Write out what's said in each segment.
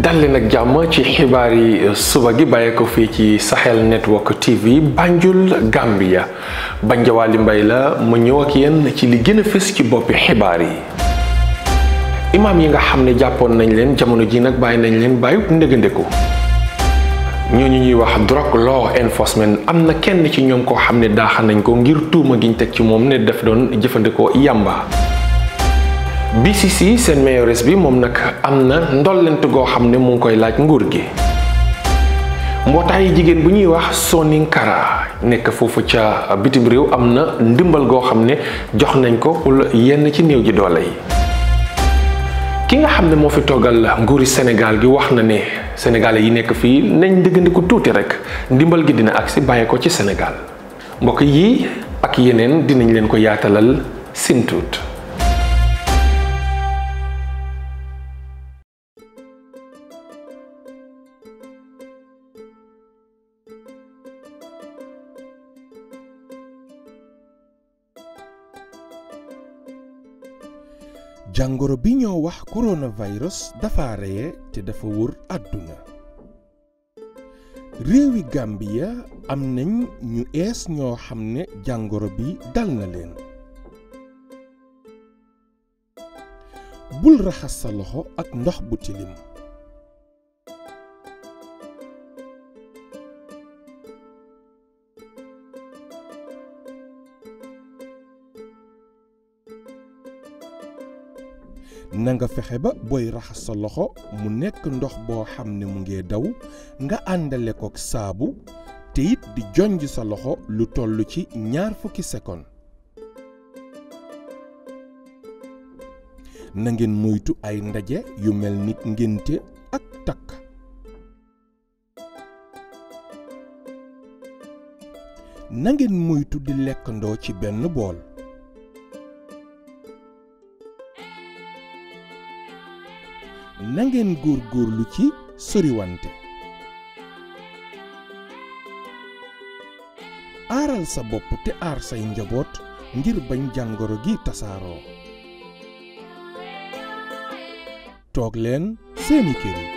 dalli nag jàmm ci xibaar yi euh, suba gi bàyyee ko fii ci Sahel Network TV Banjul Gambia Banjawaali Mbay la mu ñëw ak ci li gën a fës ci boppi xibaar yi imaam yi nga xam ne jàppoon nañ leen jamono ji nag bàyyi nañ leen bàyyi ndëgëndëku ñooñu ñuy wax drug law enforcement am na kenn ci ñoom koo xam ne daaxa nañ ko ngir tuuma giñ teg ci moom ne daf doon jëfandikoo yàmba BCC seen mayoress bi moom nag amna na ndollent goo xam mu ngi koy laaj nguur gi mbootaayi jigen bu ñuy wax Soninkara nekk foofu ca bitim réew am na ndimbal goo xam jox nañ ko pour yenn ci néew ji doole yi ki nga xam ne moo fi toogal nguuri gi wax na ne sénégalais yi nekk fii nañ dëggandiku tuuti rek ndimbal gi dina aksi bàyyi ko ci yi ak yeneen dinañ leen ko yaatalal jàngoro bi ñoo wax coronavirus dafa reye te dafa wër àdduna réewi Gambia am nañ ñu ees ñoo xam ne jàngoro bi dal na leen bul raxas sa loxo ak ndox bu tilim nanga fexe ba booy raxas sa loxo mu nekk ndox boo xam ne mu ngi daw nga àndale ko saabu te it di jonj sa loxo lu toll ci ñaar fukki seconde na ngeen ay ndaje yu mel ni ngénte ak takk na ngeen moytu di lekkandoo ci benn bool nangeen góorgóorlu ci soriwante aaral sa bopp te aar say njaboot ngir bañ jàngoro gi tasaaroo toog leen seeni kër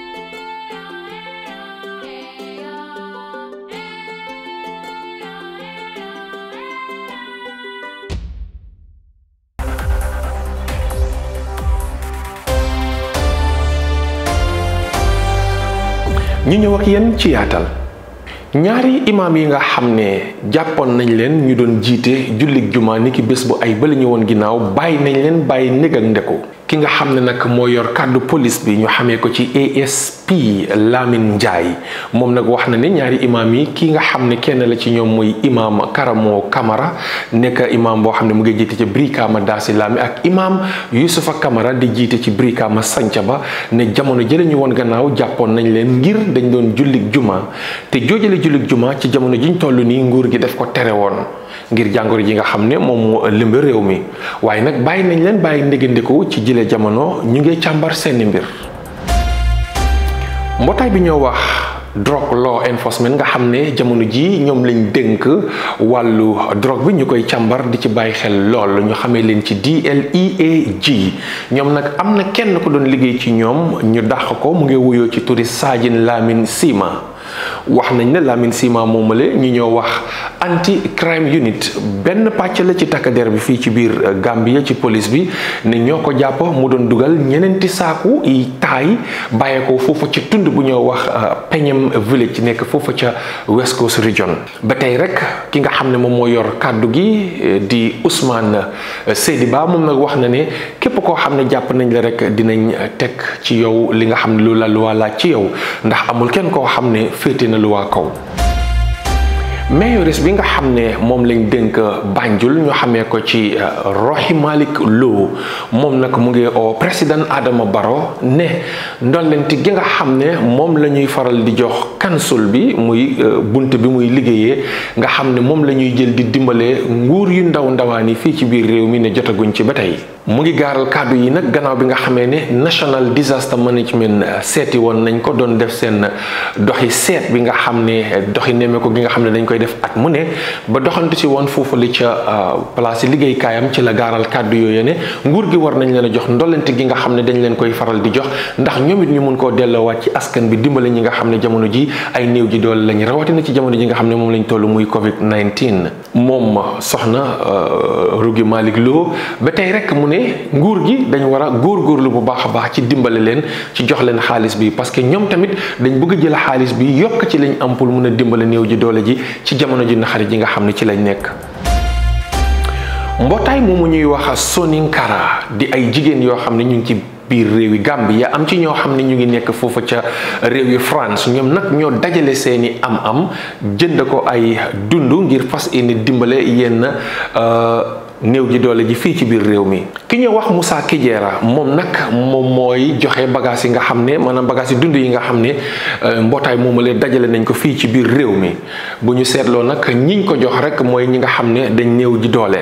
ñu ñëw ak yéen ci yaatal ñaari imaam yi nga xam ne jàppoon nañ leen ñu doon jiite jullik juma ni ki bés bu ay bala ñu ginnaaw bàyyi nañ leen bàyyi nég ak ndeku ki nga xam ne nag moo yor kàddu polis bi ñu xamee ko ci ASP Lamine Ndiaye moom nag wax na ne ñaari imaam yi ki nga xam ne kenn la ci ñoom muy imaam Karamo Kamara nekk imaam boo xam ne mu ngi jiite ci Brikama Daasi Lami ak imaam Yusufa Kamara di jiite ci sanca Sancaba ne jamono jële ñu woon gannaaw jàppoon nañ leen ngir dañu doon jullik jumaa te joojale jullik juma ci jamono ji ñu toll nii nguur gi def ko tere woon ngir jàngoro ji nga xam ne moom limb réew mi waaye nag bàyyi nañ leen bàyyi ko ci jile jamono ñu ngi càmbar seeni mbir mbootaay bi ñoo wax drug law enforcement nga xam ne jamono ji ñoom lañ dénk wàllu drogue bi ñu koy càmbar di ci bàyyi xel lool ñu xamee leen ci DLEAG ñoom nag am na kenn ku doon liggéey ci ñoom ñu dàq ko mu ngi wuyoo ci turi Sajin Lamin Sima wax nañ ne Lamine Sima moomale ñu ñoo wax anti crime unit benn pàcc la ci takk der bi fii ci biir euh, Gambia ci police bi ne ñoo ko jàpp mu doon dugal ñeneenti saaku yi taay bàyyeekoo foofa ca tund bu ñoo wax euh, Peñem village ci nekk foofa ca West Coast Region ba tey rek ki nga xam ne moom moo yor kàddu gi euh, di Ousmane Seydiba moom nag wax na ne képp koo xam ne jàpp nañ la rek dinañ teg ci yow li nga xam ne lu la luwaa laaj ci yow ndax amul kenn koo xam ne féete na lu waa kaw mayoriste bi nga xam ne moom lañ dénk Banjul ñu xamee ko ci euh, Rohey Malick Lowe moom nag mu ngi o président Adama Barrow ne ndolleenti gi nga xam ne moom la ñuy faral di jox kansul bi muy euh, bunt bi muy liggéeyee nga xam ne moom la ñuy jël di dimbalee nguur yu ndaw ndawaan yi fii ci biir réew mi ne jotaguñ ci ba tey mu ngi gaaral kàddu yi nag gannaaw bi nga xamee ne National Disaster Management euh, seeti woon nañ ko doon def seen doxi seet bi nga xam ne doxi neme ko gi nga xam ne dañ koy def at mu ne ba doxantu si woon foofu li ca euh, place liggéeykaayam ci la gaaral kàddu yooyu ne nguur gi war nañ leen a jox ndolleent gi nga xam ne dañ leen koy faral di jox ndax ñoom it ñu mun koo delloowaat ci askan bi dimbale ñi nga xam ne jamono ji ay néew ji doole lañ rawatina ci jamono ji nga xam ne moom lañ toll muy covid 19 moom soxna euh, rugi Malick loo ba tey rek mu ne nguur gi dañu war a góorlu bu baax a baax ci dimbale leen ci jox leen xaalis bi parce que ñoom tamit dañ bëgg a jël xaalis bi yokk ci lañ am pour mun a dimbale néew ji doole ji ci jamono ji naxari ji nga xam ne ci lañ nekk. mbootaay moomu ñuy wax Soninkara di ay jigéen yoo xam ne ñu ngi ci. biir réewi Gambie yaa am ci ñoo xam ne ñu ngi nekk foofa ca réewi France ñoom nag ñoo dajale seeni am-am jënd ko ay dund ngir fas yéene dimbale yenn euh, néew ji doole ji fii ci biir réew mi ki ñu wax Moussa Kijera moom nag moom mooy joxe bagages yi nga xam ne maanaam bagages yi dund yi nga xam ne euh, mbootaay moomalee dajale nañ ko fii ci biir réew mi bu ñu seetloo nag ñiñ ko jox rek mooy ñi nga xam ne dañ néew ji doole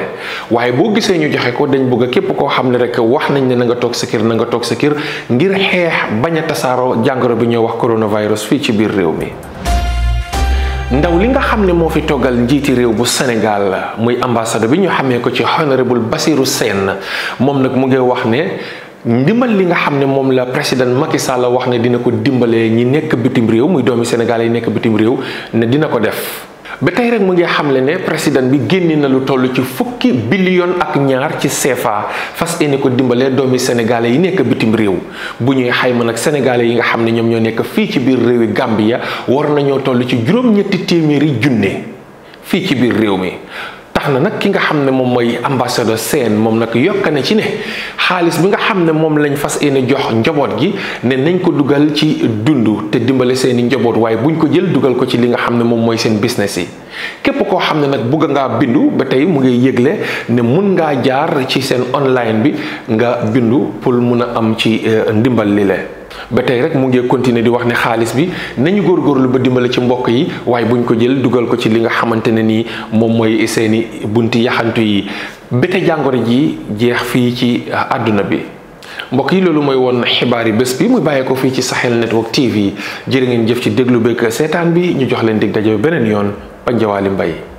waaye boo gisee ñu joxe ko dañ bëgg képp koo xam ne rek wax nañ ne na nga toog sa kër na nga toog sa kër ngir xeex bañ a tasaaroo jàngoro bi ñoo wax coronavirus fii ci biir réew mi ndaw li nga xam ne moo fi toggal njiiti réew bu Sénégal muy ambassadeur bi ñu xamee ko ci honorable Bassirou Sène moom nag mu ngi wax ne ndimbal li nga xam ne moom la président Macky Sall wax ne dina ko dimbalee ñi nekk bitim réew muy doomi Sénégal yi nekk bitim réew ne dina ko def ba tey rek mu ngi xamle ne président bi génnee na lu toll ci fukki billion ak ñaar ci CFA fas yéene ko dimbalee doomi sénégalais yi nekk bitim réew bu ñuy xayma nag sénégalais yi nga xam ne ñoom ñoo nekk fii ci biir réewi Gambia war nañoo toll ci juróom-ñetti téeméeri junne fii ci biir réew mi. tax na nag ki nga xam ne moom mooy ambassadeur seen moom nag yokka ne ci ne xaalis bi nga xam ne moom lañ fas yéene jox njaboot gi ne nañ ko dugal ci dund te dimbale seeni njaboot waaye buñ ko jël dugal ko ci li nga xam ne moom mooy seen business yi képp koo xam ne nag bugg ngaa bindu ba tey mu ngi yëgle ne mun ngaa jaar ci seen online bi nga bindu pour mun a am ci euh, ndimbal li le ba tey rek mu ngi continuer di wax ne xaalis bi nañu góorgóorlu ba dimbale ci mbokk yi waaye buñ ko jël dugal ko ci li nga xamante ne nii moom mooy seeni bunt yaxantu yi bete jàngoro ji jeex fii ci àdduna bi mbokk yi loolu mooy woon xibaar yi bés bi mu bàyyee ko fii ci Sahel Network TV jërë ngeen jëf ci déglu beeg seetaan bi ñu jox leen dig daje beneen yoon Pandiawali mbay